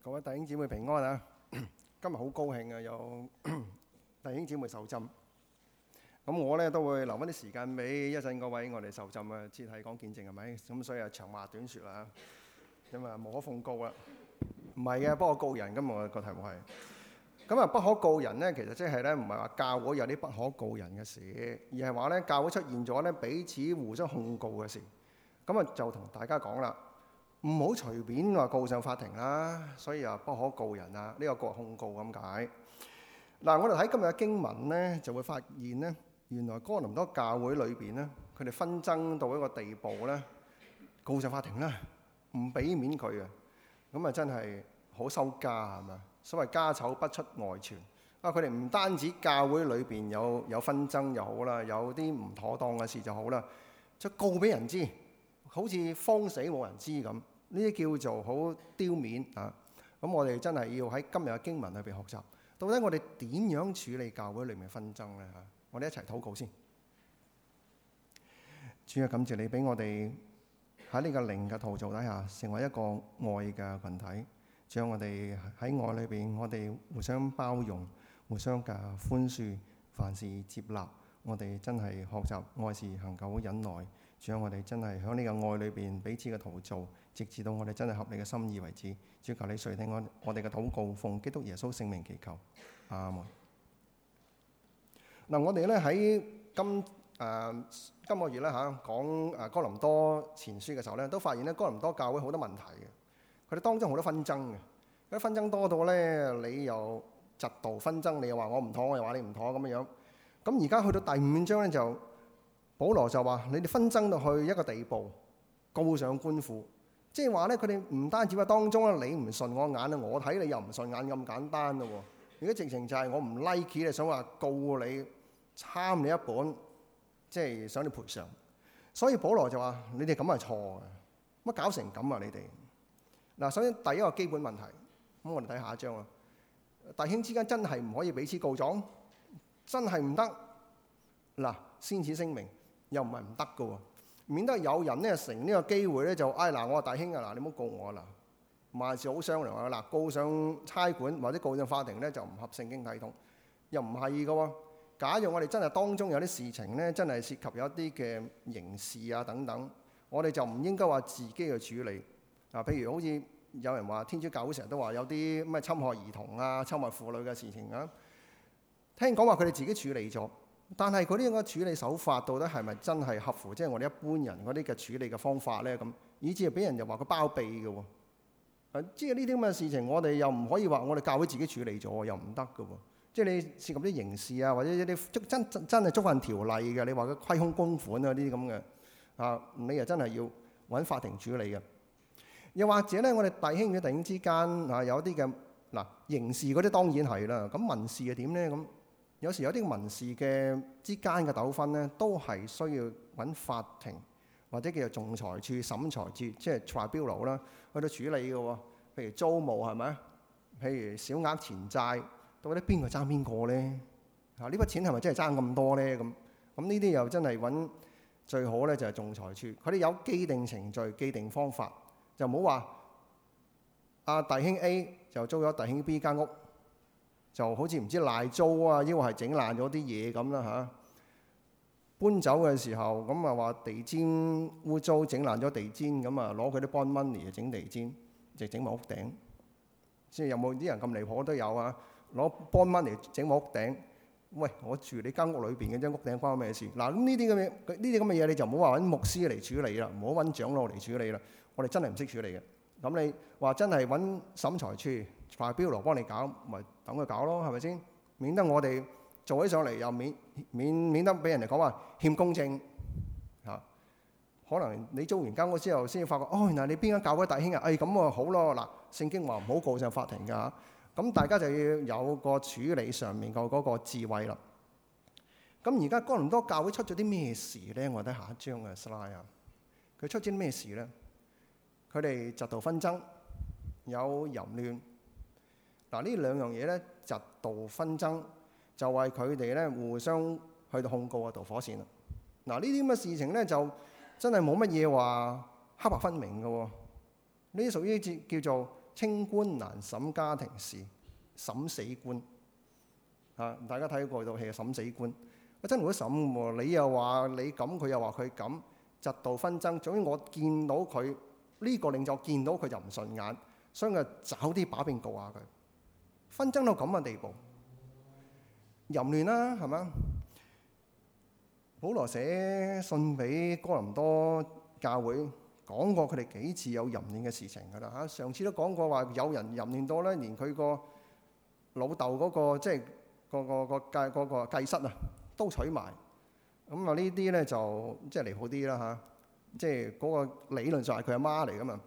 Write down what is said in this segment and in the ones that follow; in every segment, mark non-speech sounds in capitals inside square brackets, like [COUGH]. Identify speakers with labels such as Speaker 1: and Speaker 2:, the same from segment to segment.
Speaker 1: 各位弟兄姊妹平安啊！今日好高興啊，有 [COUGHS] 弟兄姊妹受浸。咁我咧都會留翻啲時間俾一陣各位我哋受浸嘅肢體講見證係咪？咁所以啊長話短說啦嚇，啊，因為無可奉告啦。唔係嘅，不可告人咁啊我個題目係。咁啊不可告人咧，其實即係咧唔係話教會有啲不可告人嘅事，而係話咧教會出現咗咧彼此互相控告嘅事。咁啊就同大家講啦。唔好隨便話告上法庭啦，所以呀不可告人啊！呢個個控告咁解。嗱，我哋睇今日嘅經文咧，就會發現咧，原來哥林多教會裏邊咧，佢哋紛爭到一個地步咧，告上法庭啦，唔俾面佢啊！咁啊，真係好收家係嘛？所謂家醜不出外傳啊！佢哋唔單止教會裏邊有有紛爭又好啦，有啲唔妥當嘅事就好啦，就告俾人知，好似慌死冇人知咁。呢啲叫做好丟面啊！咁我哋真係要喺今日嘅經文裏邊學習，到底我哋點樣處理教會裏面紛爭呢？嚇！我哋一齊禱告先。主要感謝你俾我哋喺呢個靈嘅陶造底下，成為一個愛嘅群體，將我哋喺愛裏邊，我哋互相包容、互相嘅寬恕，凡事接納。我哋真係學習愛是恒久忍耐。主啊！我哋真係喺呢個愛裏邊彼此嘅陶造，直至到我哋真係合你嘅心意為止。主求你垂聽我我哋嘅禱告，奉基督耶穌聖名祈求。阿門。嗱，我哋咧喺今誒今個月咧嚇講誒哥林多前書嘅時候咧，都發現咧哥林多教會好多問題嘅。佢哋當中好多紛爭嘅，嗰啲紛爭多到咧，你又嫉妒紛爭，你又話我唔妥，我又話你唔妥咁樣樣。咁而家去到第五章咧就。保羅就話：，你哋紛爭到去一個地步，告上官府，即係話咧，佢哋唔單止話當中咧，你唔順我眼啊，我睇你又唔順眼咁簡單咯、哦。如果直情就係我唔 like 你，想話告你，參你一本，即係想你賠償。所以保羅就話：，你哋咁係錯嘅，乜搞成咁啊？你哋嗱，首先第一個基本問題，咁我哋睇下一章啊。弟兄之間真係唔可以彼此告狀，真係唔得，嗱，先此聲明。又唔係唔得嘅喎，免得有人咧乘呢個機會咧就哎嗱，我話大兄啊，嗱你唔好告我啦、啊，萬事好商量啊嗱，告上差館或者告上法庭咧就唔合聖經體統，又唔係嘅喎。假若我哋真係當中有啲事情咧，真係涉及有一啲嘅刑事啊等等，我哋就唔應該話自己去處理啊。譬如好似有人話天主教成日都話有啲咩侵害兒童啊、侵害婦女嘅事情啊，聽講話佢哋自己處理咗。但係嗰啲咁嘅處理手法，到底係咪真係合乎即係我哋一般人嗰啲嘅處理嘅方法咧？咁以至係俾人又話佢包庇嘅喎、啊。即係呢啲咁嘅事情，我哋又唔可以話我哋教會自己處理咗，又唔得嘅喎。即係你涉及啲刑事啊，或者一啲觸真真真係觸犯條例嘅，你話佢虧空公款啊呢啲咁嘅啊，你又真係要搵法庭處理嘅。又或者咧，我哋弟兄與弟兄之間啊，有一啲嘅嗱刑事嗰啲當然係啦。咁、啊、民事又點咧？咁、啊有時有啲民事嘅之間嘅糾紛咧，都係需要揾法庭或者叫做仲裁處、審裁處，即係 tribunal 啦，去到處理嘅。譬如租務係咪？譬如小額錢債，到底邊個爭邊個咧？啊，呢筆錢係咪真係爭咁多咧？咁咁呢啲又真係揾最好咧，就係仲裁處。佢哋有既定程序、既定方法，就唔好話阿弟兄 A 就租咗弟兄 B 間屋。就好似唔知賴租啊，抑或係整爛咗啲嘢咁啦嚇。搬走嘅時候，咁啊話地氈污糟，整爛咗地氈，咁啊攞佢啲 bond money 嚟整地氈，直整埋屋頂。即係有冇啲人咁離譜都有啊？攞 bond money 嚟整屋頂，喂，我住你間屋裏邊嘅，張屋頂關我咩事？嗱，咁呢啲咁嘅呢啲咁嘅嘢，你就唔好話揾牧師嚟處理啦，唔好揾長老嚟處理啦，我哋真係唔識處理嘅。咁你話真係揾審裁處、快標羅幫你搞，咪等佢搞咯，係咪先？免得我哋做起上嚟又免免免得俾人哋講話欠公正嚇、啊。可能你租完間屋之後，先至發覺，哦，嗱，你邊間教會大興啊？哎，咁啊，好咯，嗱，聖經話唔好告上法庭㗎。咁、啊、大家就要有個處理上面嘅嗰個智慧啦。咁而家哥林多教會出咗啲咩事咧？我睇下一張嘅 slide 啊，佢出咗啲咩事咧？佢哋嫉妒紛爭有淫亂嗱，兩呢兩樣嘢咧，嫉妒紛爭就係佢哋咧互相去到控告嘅導火線啦嗱。呢啲咁嘅事情咧就真係冇乜嘢話黑白分明嘅喎、哦。呢啲屬於叫叫做清官難審家庭事，審死官啊！大家睇過嗰套戲《審死官》，我真係好審喎，你又話你咁，佢又話佢咁，嫉妒紛爭，總之我見到佢。呢個令就見到佢就唔順眼，所以佢找啲把柄告下佢，紛爭到咁嘅地步，淫亂啦，係嘛？保羅寫信俾哥林多教會，講過佢哋幾次有淫亂嘅事情㗎啦嚇。上次都講過話，有人淫亂到咧、嗰個，連佢、嗰個老豆嗰個、嗰個嗰個就係、即係個個個計嗰個繼室啊，都取埋。咁啊呢啲咧就即係離譜啲啦嚇。即係嗰個理論上係佢阿媽嚟噶嘛。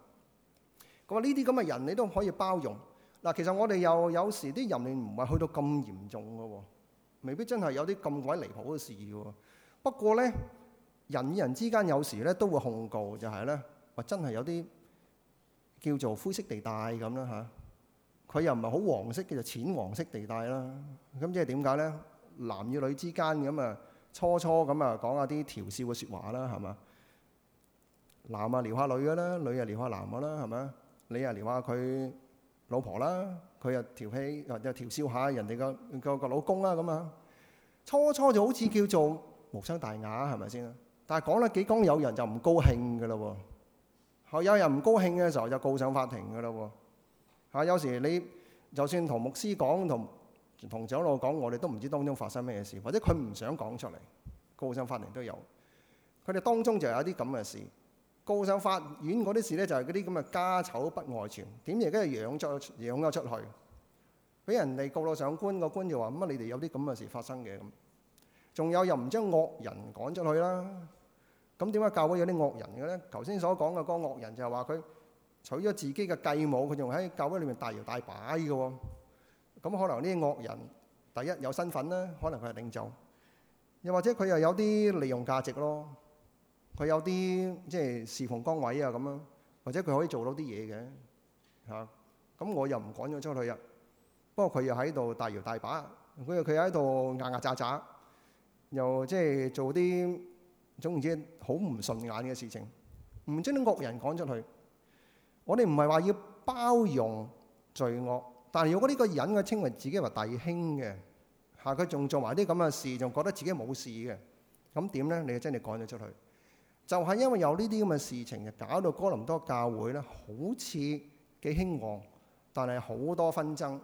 Speaker 1: 咁話呢啲咁嘅人你都可以包容嗱。其實我哋又有，有時啲淫亂唔係去到咁嚴重噶喎，未必真係有啲咁鬼離譜嘅事喎。不過咧，人與人之間有時咧都會控告、就係，就係咧話真係有啲叫做灰色地帶咁啦嚇。佢又唔係好黃色嘅，就淺黃色地帶啦。咁即係點解咧？男與女之間咁啊，初初咁啊講下啲調笑嘅説話啦，係嘛？男啊，撩下女嘅啦；女啊，撩下男嘅啦，係咪？你啊，撩下佢老婆啦，佢又調戲又調笑下人哋個個老公啦。咁啊。初初就好似叫做無傷大雅，係咪先？但係講得幾講有人就唔高興嘅啦。嚇，有人唔高興嘅時候就告上法庭嘅啦。嚇，有時你就算同牧師講，同同長老講，我哋都唔知當中發生咩事，或者佢唔想講出嚟，告上法庭都有。佢哋當中就有一啲咁嘅事。告上法院嗰啲事咧，就係嗰啲咁嘅家醜不外傳，點而家又養咗養咗出去，俾人哋告到上官，個官就話：乜你哋有啲咁嘅事發生嘅咁？仲有又唔將惡人趕出去啦？咁點解教會有啲惡人嘅咧？頭先所講嘅嗰個惡人就係話佢娶咗自己嘅繼母，佢仲喺教會裡面大搖大擺嘅喎。咁可能呢啲惡人第一有身份啦，可能佢係領袖，又或者佢又有啲利用價值咯。佢有啲即係事奉崗位啊，咁樣或者佢可以做到啲嘢嘅嚇。咁我又唔趕咗出去啊。不過佢又喺度大搖大擺，佢佢又喺度牙牙咋咋，又即係做啲總言之好唔順眼嘅事情，唔將啲惡人趕出去。我哋唔係話要包容罪惡，但係如果呢個人佢稱為自己為弟兄嘅，嚇佢仲做埋啲咁嘅事，仲覺得自己冇事嘅，咁點咧？你真係趕咗出去。就係因為有呢啲咁嘅事情嘅，搞到哥林多教會咧，好似幾興旺，但係好多紛爭。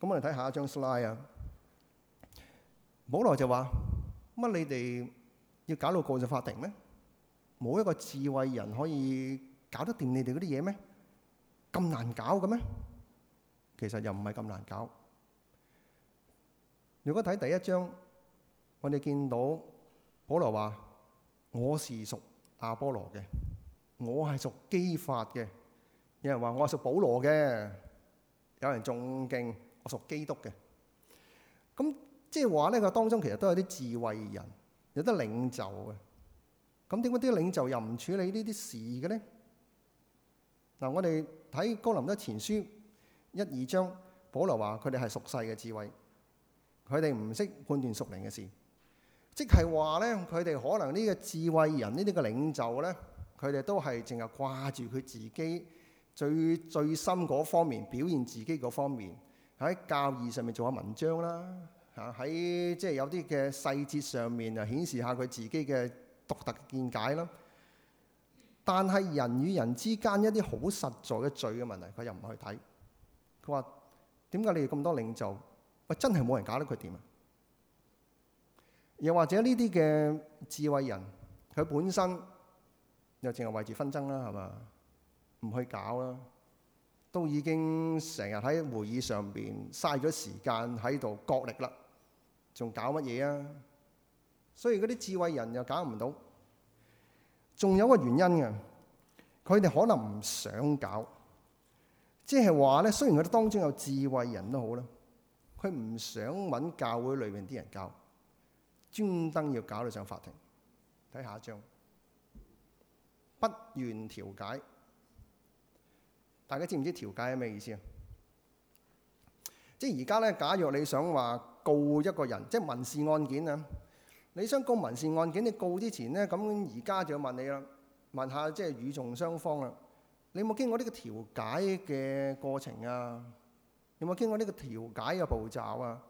Speaker 1: 咁我哋睇下一張 slide 啊。保羅就話，乜你哋要搞到告上法庭咩？冇一個智慧人可以搞得掂你哋嗰啲嘢咩？咁難搞嘅咩？其實又唔係咁難搞。如果睇第一章，我哋見到保羅話。我是屬亞波羅嘅，我係屬基法嘅，有人話我係屬保羅嘅，有人仲勁我屬基督嘅。咁即係話呢，佢當中其實都有啲智慧人，有啲領袖嘅。咁點解啲領袖又唔處理呢啲事嘅呢？嗱，我哋睇哥林多前書一二章，保羅話佢哋係屬世嘅智慧，佢哋唔識判斷屬靈嘅事。即係話呢，佢哋可能呢個智慧人呢啲嘅領袖呢，佢哋都係淨係掛住佢自己最最深嗰方面，表現自己嗰方面喺教義上面做下文章啦，嚇喺即係有啲嘅細節上面啊，顯示下佢自己嘅獨特見解啦。但係人與人之間一啲好實在嘅罪嘅問題，佢又唔去睇。佢話點解你哋咁多領袖？喂，真係冇人搞得佢點啊！又或者呢啲嘅智慧人，佢本身又淨係為住紛爭啦，係嘛？唔去搞啦，都已經成日喺會議上邊嘥咗時間喺度角力啦，仲搞乜嘢啊？所以嗰啲智慧人又搞唔到。仲有個原因嘅，佢哋可能唔想搞，即係話咧，雖然佢哋當中有智慧人都好啦，佢唔想搵教會裏邊啲人教。專登要搞到上法庭，睇下一章。不願調解，大家知唔知調解係咩意思啊？即係而家咧，假若你想話告一個人，即係民事案件啊，你想告民事案件，你告之前咧，咁而家就要問你啦，問下即係與眾雙方啦，你有冇經過呢個調解嘅過程啊？有冇經過呢個調解嘅步驟啊？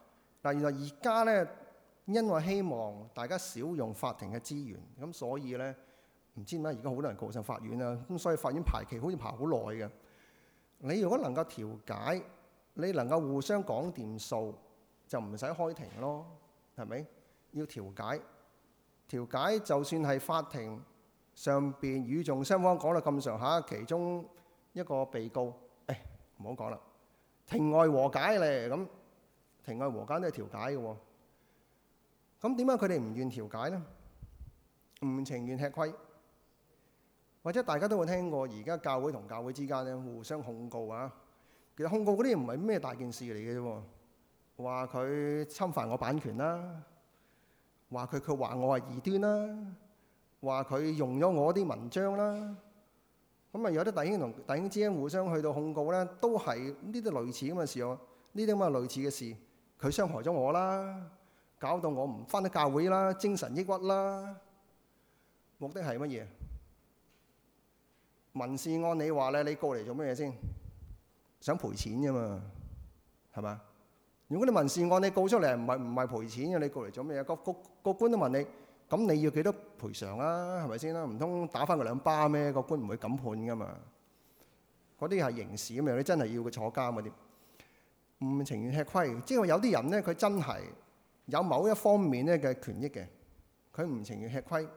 Speaker 1: 嗱，原來而家咧。.因為希望大家少用法庭嘅資源，咁所以呢，唔知點解而家好多人告上法院呀。咁所以法院排期好似排好耐嘅。你如果能夠調解，你能夠互相講掂數，就唔使開庭咯，係咪？要調解，調解就算係法庭上邊與訟雙方講到咁上下，其中一個被告誒，唔好講啦，庭外和解咧咁，庭外和解都係調解嘅喎。咁點解佢哋唔願調解呢？唔情願吃虧，或者大家都會聽過，而家教會同教會之間咧互相控告啊。其實控告嗰啲唔係咩大件事嚟嘅啫喎，話佢侵犯我版權啦，話佢佢話我係異端啦，話佢用咗我啲文章啦。咁啊有啲弟兄同弟兄之間互相去到控告咧，都係呢啲類似咁嘅事喎。呢啲咁嘅類似嘅事，佢傷害咗我啦。搞到我唔翻得教會啦，精神抑鬱啦。目的係乜嘢？民事案你話咧，你告嚟做乜嘢先？想賠錢啫嘛，係嘛？如果你民事案你告出嚟唔係唔係賠錢嘅，你告嚟做咩嘢？個個個官都問你，咁你要幾多賠償啊？係咪先啦？唔通打翻佢兩巴咩？個官唔會咁判噶嘛。嗰啲係刑事咁樣，你真係要佢坐監嗰啲，唔情願吃虧。即係有啲人咧，佢真係。有某一方面咧嘅權益嘅，佢唔情願吃虧。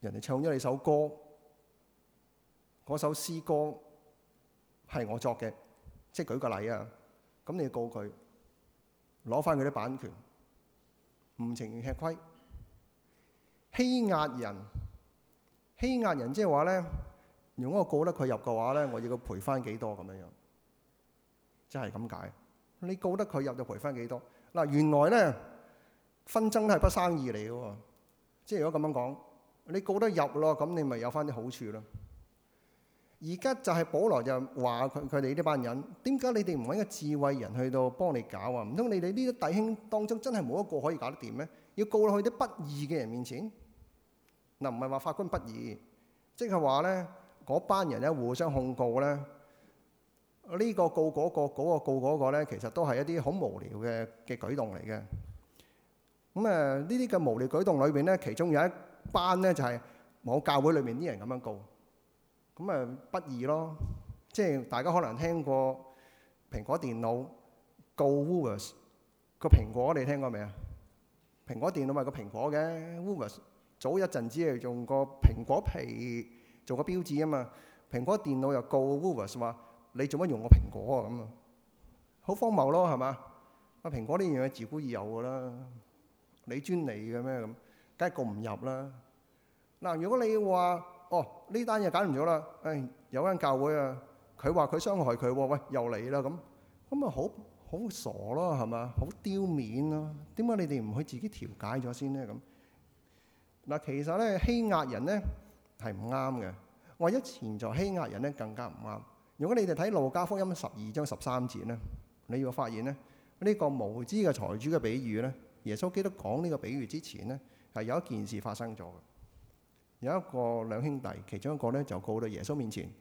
Speaker 1: 人哋唱咗你首歌，嗰首詩歌係我作嘅，即係舉個例啊。咁你要告佢，攞翻佢啲版權，唔情願吃虧。欺壓人，欺壓人即係話咧，如果我告得佢入嘅話咧，我要佢賠翻幾多咁樣樣，即係咁解。你告得佢入就賠翻幾多？嗱，原來咧紛爭都係不生意嚟嘅喎，即係如果咁樣講，你告得入咯，咁你咪有翻啲好處咯。而家就係保羅就話佢佢哋呢班人，點解你哋唔揾個智慧人去到幫你搞啊？唔通你哋呢啲弟兄當中真係冇一個可以搞得掂咩？要告到去啲不義嘅人面前，嗱，唔係話法官不義，即係話咧嗰班人咧互相控告咧。呢個告嗰、嗰個嗰、嗰個告嗰個咧，其實都係一啲好無聊嘅嘅舉動嚟嘅。咁、嗯、誒，呢啲嘅無聊舉動裏邊咧，其中有一班咧就係、是、冇教會裏面啲人咁樣告，咁、嗯、誒、呃、不義咯。即係大家可能聽過蘋果電腦告 Uber，個蘋果你聽過未啊？蘋果電腦咪個蘋果嘅 Uber 早一陣子係用個蘋果皮做個標誌啊嘛。蘋果電腦又告 Uber 話。你做乜用我蘋果啊？咁啊，好荒謬咯，係嘛？啊，蘋果呢樣嘢自古已有噶啦，你專利嘅咩咁，梗係告唔入啦。嗱，如果你話哦呢單嘢揀唔咗啦，誒、哎、有間教會啊，佢話佢傷害佢喎，喂又嚟啦咁咁啊，好好傻咯，係嘛？好丟面啊！點解你哋唔去自己調解咗先呢？咁嗱，其實咧欺壓人咧係唔啱嘅，或一前在欺壓人咧更加唔啱。如果你哋睇《路加福音》十二章十三節咧，你要發現咧呢、這個無知嘅財主嘅比喻咧，耶穌基督講呢個比喻之前咧係有一件事發生咗嘅。有一個兩兄弟，其中一個咧就告到耶穌面前：，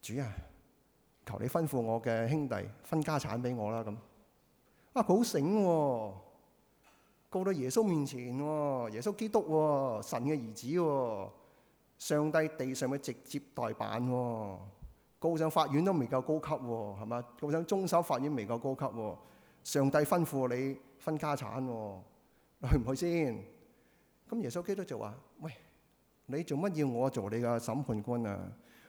Speaker 1: 主啊，求你吩咐我嘅兄弟分家產俾我啦！咁啊，佢好醒喎、啊，告到耶穌面前耶穌基督、啊、神嘅兒子、啊、上帝地上嘅直接代辦、啊告上法院都未夠高級、啊，係嘛？告上終審法院未夠高級、啊。上帝吩咐你分家產、啊，去唔去先？咁耶穌基督就話：，喂，你做乜要我做你嘅審判官啊？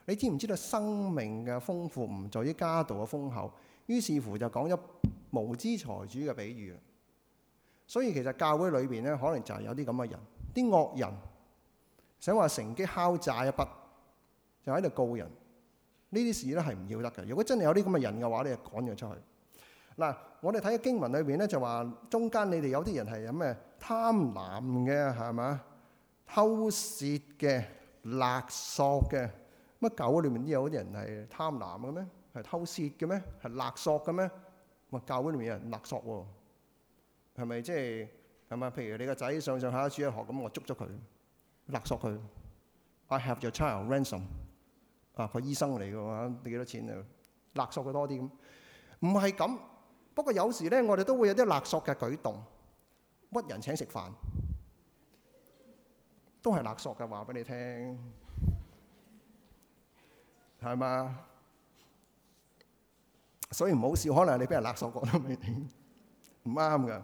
Speaker 1: 你知唔知道生命嘅豐富唔在於家道嘅豐厚？於是乎就講咗無知財主嘅比喻。所以其實教會裏邊咧，可能就係有啲咁嘅人，啲惡人想話乘機敲詐一筆，就喺度告人。呢啲事咧係唔要得嘅。如果真係有啲咁嘅人嘅話咧，你就趕咗出去。嗱，我哋睇嘅經文裏邊咧就話，中間你哋有啲人係有咩貪婪嘅係咪，偷竊嘅、勒索嘅。乜教會裏面都有啲人係貪婪嘅咩？係偷竊嘅咩？係勒索嘅咩？哇！教會裏面有人勒索喎，係咪即係係咪？譬如你個仔上上下下住喺學咁，我捉咗佢勒索佢。I have your child ransom。啊，個醫生嚟嘅話，你幾多錢啊？勒索佢多啲咁，唔係咁。不過有時咧，我哋都會有啲勒索嘅舉動，屈人請食飯，都係勒索嘅話俾你聽，係 [LAUGHS] 嘛？所以唔好笑，可能你俾人勒索過都未定，唔啱㗎。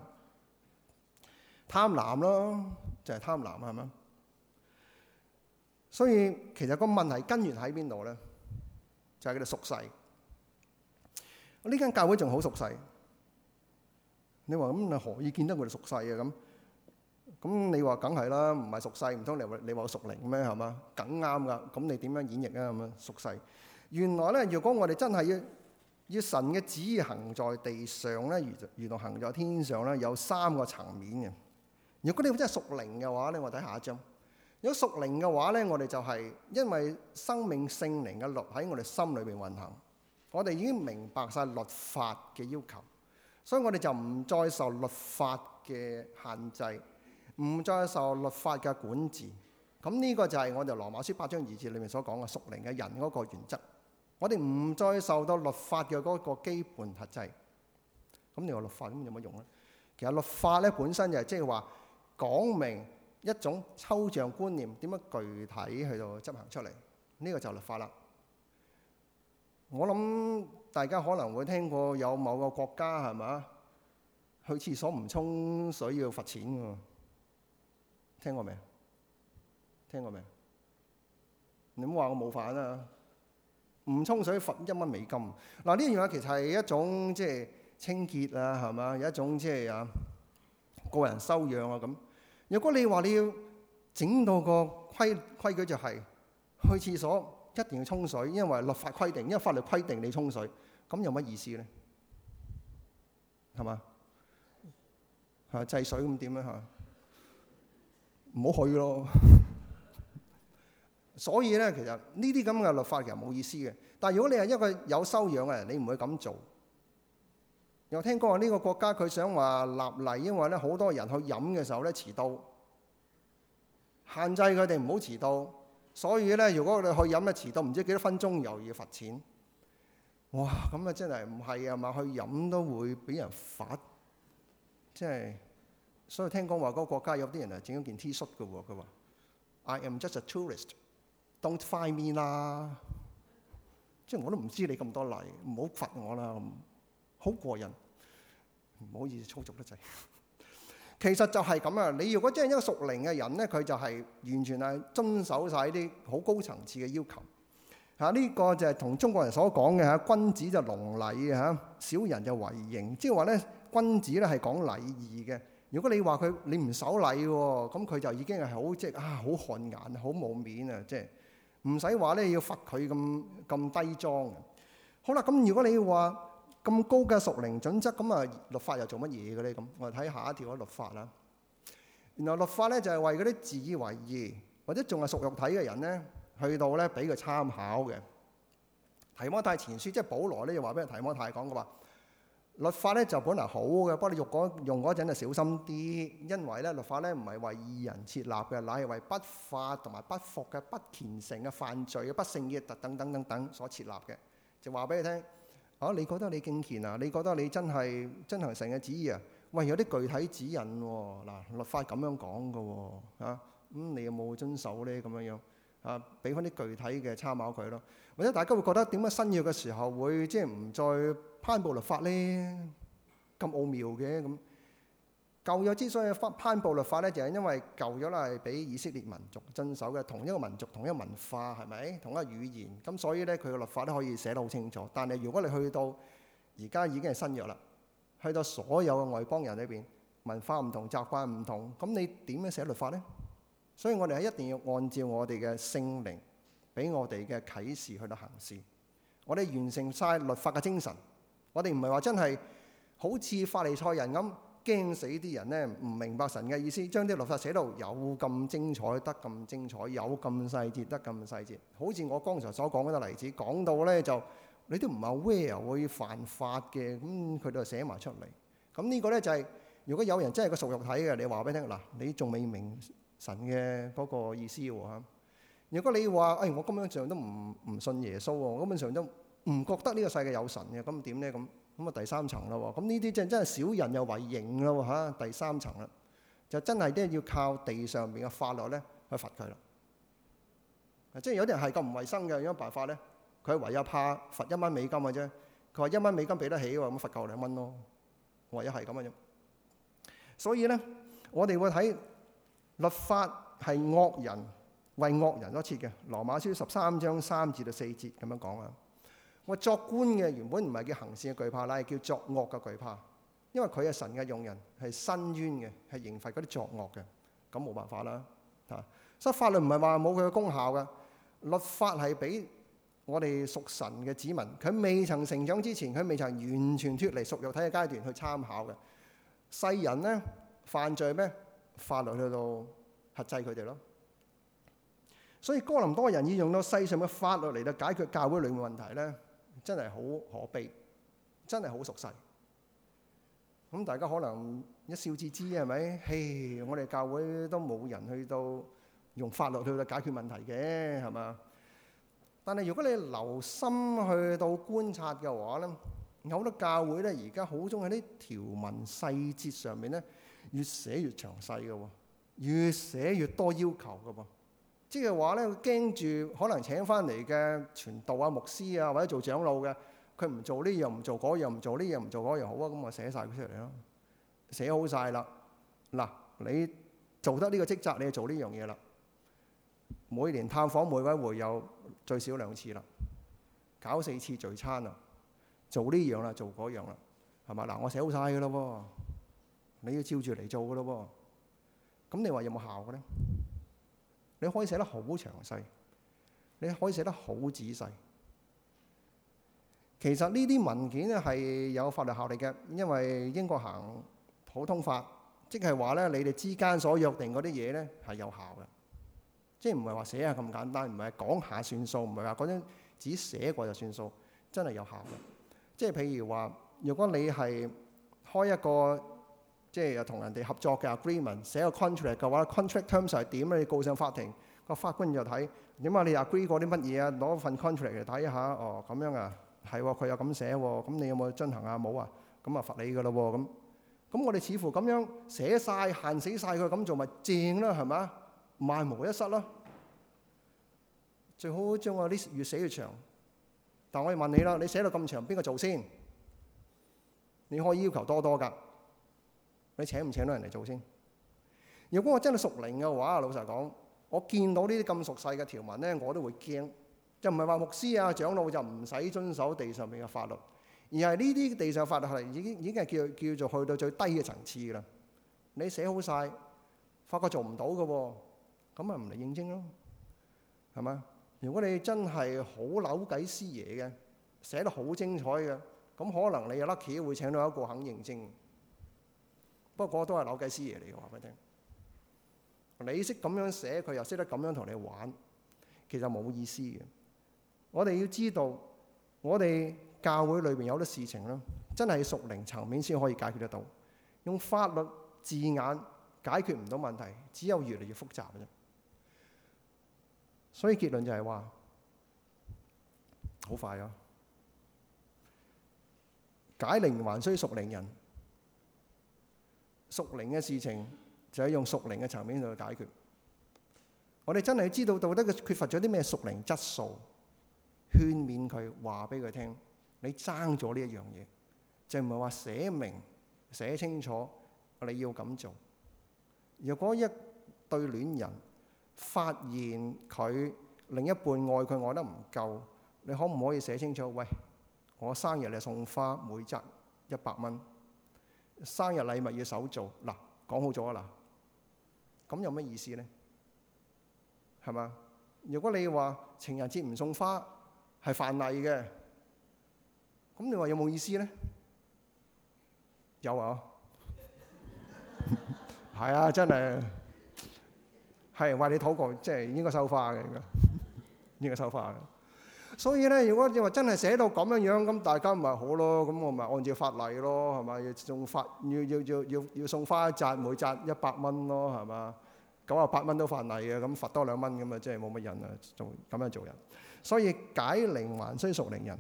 Speaker 1: 貪婪咯，就係、是、貪婪啊，係嘛？所以其實個問題根源喺邊度咧？就係佢哋屬世。呢間教會仲好屬世。你話咁你何以見得佢哋屬世啊？咁咁你話梗係啦，唔係屬世，唔通你話你話屬靈咩？係嘛，梗啱噶。咁你點樣演繹啊？咁樣屬世。原來咧，如果我哋真係要要神嘅旨意行在地上咧，如如同行在天上咧，有三個層面嘅。如果你真係屬靈嘅話咧，我睇下一章。如果屬靈嘅話呢，我哋就係因為生命聖靈嘅律喺我哋心裏面運行，我哋已經明白晒律法嘅要求，所以我哋就唔再受律法嘅限制，唔再受律法嘅管治。咁呢個就係我哋《羅馬書》八章二節裏面所講嘅屬靈嘅人嗰個原則。我哋唔再受到律法嘅嗰個基本轄制。咁你話律法咁有乜用咧？其實律法呢本身就係即係話講明。一種抽象觀念點樣具體去到執行出嚟？呢個就立法啦。我諗大家可能會聽過有某個國家係嘛，去廁所唔沖水要罰錢喎。聽過未？聽過未？你唔好話我冇犯啊！唔沖水罰一蚊美金。嗱，呢樣嘢其實係一種即係清潔啊，係嘛？有一種即係啊個人修養啊咁。如果你話你要整到個規規矩，就係去廁所一定要沖水，因為立法規定，因為法律規定你沖水，咁有乜意思咧？係嘛？係咪制水咁點樣？嚇，唔好去咯。所以咧，其實呢啲咁嘅立法其實冇意思嘅。但係如果你係一個有修養嘅人，你唔會咁做。又聽講話呢個國家佢想話立例，因為咧好多人去飲嘅時候咧遲到，限制佢哋唔好遲到，所以咧，如果你去飲一遲到唔知幾多分鐘，又要罰錢。哇！咁啊真係唔係啊嘛？去飲都會俾人罰，即係。所以聽講話嗰個國家有啲人係整咗件 T 恤㗎喎，佢話 I am just a tourist，don't find me 啦，即係我都唔知你咁多例，唔好罰我啦咁，好過癮，唔好意思粗俗得滯。其實就係咁啊！你如果真係一個屬靈嘅人呢，佢就係完全係遵守晒啲好高層次嘅要求嚇。呢、啊呢個就係同中國人所講嘅嚇，君子就隆禮嚇、啊，小人就為刑。即係話呢，君子咧係講禮儀嘅。如果你話佢你唔守禮喎，咁佢就已經係好即係啊，好汗顏、好冇面啊，即係唔使話呢，要罰佢咁咁低裝。好啦，咁如果你話，咁高嘅屬靈準則，咁啊律法又做乜嘢嘅咧？咁我哋睇下一條嘅律法啦。原來律法咧就係、是、為嗰啲自以為義或者仲係屬肉體嘅人咧，去到咧俾佢參考嘅。提摩太前書即係保羅咧，就話俾人提摩太講嘅話，律法咧就本來好嘅，不過你用嗰用嗰陣就小心啲，因為咧律法咧唔係為義人設立嘅，乃係為不法同埋不服嘅、不虔誠嘅、犯罪嘅、不聖潔等等、等等等等所設立嘅，就話俾你聽。吓、啊！你覺得你敬虔啊？你覺得你真係真行神嘅旨意啊？喂！有啲具體指引喎、啊，嗱、啊，律法咁樣講嘅喎，咁、啊、你有冇遵守咧？咁樣樣，吓、啊，俾翻啲具體嘅參考佢咯。或者大家會覺得點解新約嘅時候會即係唔再攀佈律法咧？咁奧妙嘅咁。嗯舊約之所以翻頒布律法咧，就係因為舊咗啦，係俾以色列民族遵守嘅，同一個民族、同一個文化，係咪同一個語言？咁所以咧，佢嘅律法都可以寫得好清楚。但係如果你去到而家已經係新約啦，去到所有嘅外邦人裏邊，文化唔同、習慣唔同，咁你點樣寫律法呢？所以我哋係一定要按照我哋嘅聖靈，俾我哋嘅啟示去到行事。我哋完成晒律法嘅精神，我哋唔係話真係好似法利賽人咁。驚死啲人咧，唔明白神嘅意思，將啲律法寫到有咁精彩，得咁精彩，有咁細節，得咁細節。好似我剛才所講嗰個例子，講到咧就你都唔係 where 會犯法嘅，咁佢就寫埋出嚟。咁呢個咧就係如果有人真係個屬肉體嘅，你話俾佢聽嗱，你仲未明神嘅嗰個意思喎？如果你話誒、哎，我根本上都唔唔信耶穌喎，我根本上都唔覺得呢個世界有神嘅，咁點咧咁？咁啊第三層咯喎，咁呢啲即係真係小人又為型咯喎嚇，第三層啦，就真係都要靠地上邊嘅法律咧去罰佢啦。啊，即係有啲人係咁唔衞生嘅，有咩辦法咧？佢係唯一怕罰一蚊美金嘅啫。佢話一蚊美金俾得起喎，咁罰夠兩蚊咯。唯一係咁嘅啫。所以咧，我哋會睇律法係惡人為惡人所設嘅，《羅馬書》十三章三節到四節咁樣講啊。我作官嘅原本唔係叫行善嘅懼怕，乃係叫作惡嘅懼怕。因為佢係神嘅用人，係伸冤嘅，係刑罰嗰啲作惡嘅。咁冇辦法啦，啊！所以法律唔係話冇佢嘅功效嘅，律法係俾我哋屬神嘅子民。佢未曾成長之前，佢未曾完全脫離屬肉體嘅階段去參考嘅。世人呢，犯罪咩？法律去到克制佢哋咯。所以哥林多人要用到世上嘅法律嚟到解決教會裏面問題咧。真係好可悲，真係好熟悉。咁大家可能一笑置之，係咪？嘿，我哋教會都冇人去到用法律去到解決問題嘅，係嘛？但係如果你留心去到觀察嘅話咧，有好多教會咧，而家好鍾意喺啲條文細節上面咧，越寫越詳細嘅喎，越寫越多要求嘅噃。即係話咧，佢驚住可能請翻嚟嘅傳道啊、牧師啊或者做長老嘅，佢唔做呢樣，唔做嗰樣，唔做呢樣，唔做嗰樣，好啊，咁我寫晒佢出嚟咯，寫好晒啦。嗱，你做得呢個職責，你就做呢樣嘢啦。每年探訪每位會友最少兩次啦，搞四次聚餐啊，做呢樣啦，做嗰樣啦，係嘛？嗱，我寫好晒嘅咯喎，你要照住嚟做嘅咯喎。咁你話有冇效嘅咧？你可以寫得好詳細，你可以寫得好仔細。其實呢啲文件咧，係有法律效力嘅，因為英國行普通法，即係話咧，你哋之間所約定嗰啲嘢咧，係有效嘅，即係唔係話寫下咁簡單，唔係講下算數，唔係話嗰張紙寫過就算數，真係有效嘅。即係譬如話，如果你係開一個。即係又同人哋合作嘅 agreement，寫個 contract 嘅話，contract terms 係點咧？你告上法庭，個法官就睇點解你 agree 過啲乜嘢啊？攞份 contract 嚟嚟睇下，哦咁樣啊，係喎、啊，佢又咁寫喎，咁你有冇進行啊？冇啊，咁啊罰你㗎咯喎，咁，咁我哋似乎咁樣寫晒，限死晒佢咁做咪正啦，係咪？萬無一失咯，最好將個 list 越寫越長。但我哋問你啦，你寫到咁長，邊個做先？你可以要求多多㗎。你請唔請到人嚟做先？如果我真係熟靈嘅話，老實講，我見到呢啲咁熟細嘅條文咧，我都會驚。就唔係話牧師啊、長老就唔使遵守地上面嘅法律，而係呢啲地上法律係已經已經係叫叫做去到最低嘅層次㗎啦。你寫好曬，發覺做唔到嘅，咁咪唔嚟應徵咯，係嘛？如果你真係好扭計師爺嘅，寫得好精彩嘅，咁可能你有 lucky 會請到一個肯應徵。不過嗰個都係扭計師爺嚟嘅，我話俾你聽。你識咁樣寫，佢又識得咁樣同你玩，其實冇意思嘅。我哋要知道，我哋教會裏邊有啲事情咧，真係屬靈層面先可以解決得到。用法律字眼解決唔到問題，只有越嚟越複雜嘅。所以結論就係話，好快啊！解靈還需屬靈人。屬靈嘅事情就係、是、用屬靈嘅層面度去解決。我哋真係知道到底佢缺乏咗啲咩屬靈質素，勸勉佢話俾佢聽：你爭咗呢一樣嘢，就唔係話寫明寫清楚你要咁做。如果一對戀人發現佢另一半愛佢愛得唔夠，你可唔可以寫清楚？喂，我生日你送花每，每紮一百蚊。生日禮物要手做，嗱，講好咗啊嗱，咁有咩意思咧？係嘛？如果你話情人節唔送花係犯例嘅，咁你話有冇意思咧？有啊，係 [LAUGHS] 啊，真係係為你討過，即係應該收花嘅，應該應該收花嘅。所以咧，如果你話真係寫到咁樣樣咁，大家唔咪好咯。咁我咪按照法例咯，係咪？要送罰，要要要要要送花一紮，每紮一百蚊咯，係嘛？九啊八蚊都法例嘅，咁罰多兩蚊咁啊，即係冇乜人啊，做咁樣做人。所以解鈴還需屬靈人。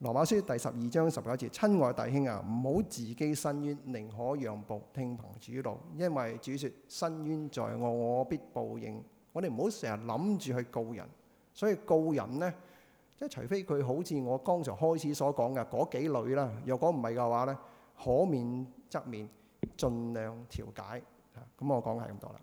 Speaker 1: 羅馬書第十二章十九節：親愛弟兄啊，唔好自己伸冤，寧可讓步，聽憑主導，因為主説伸冤在我，我必報應。我哋唔好成日諗住去告人，所以告人呢。即係除非佢好似我剛才開始所講嘅嗰幾類啦，若果唔係嘅話咧，可免則免，盡量調解。咁、嗯、我講嘅係咁多啦。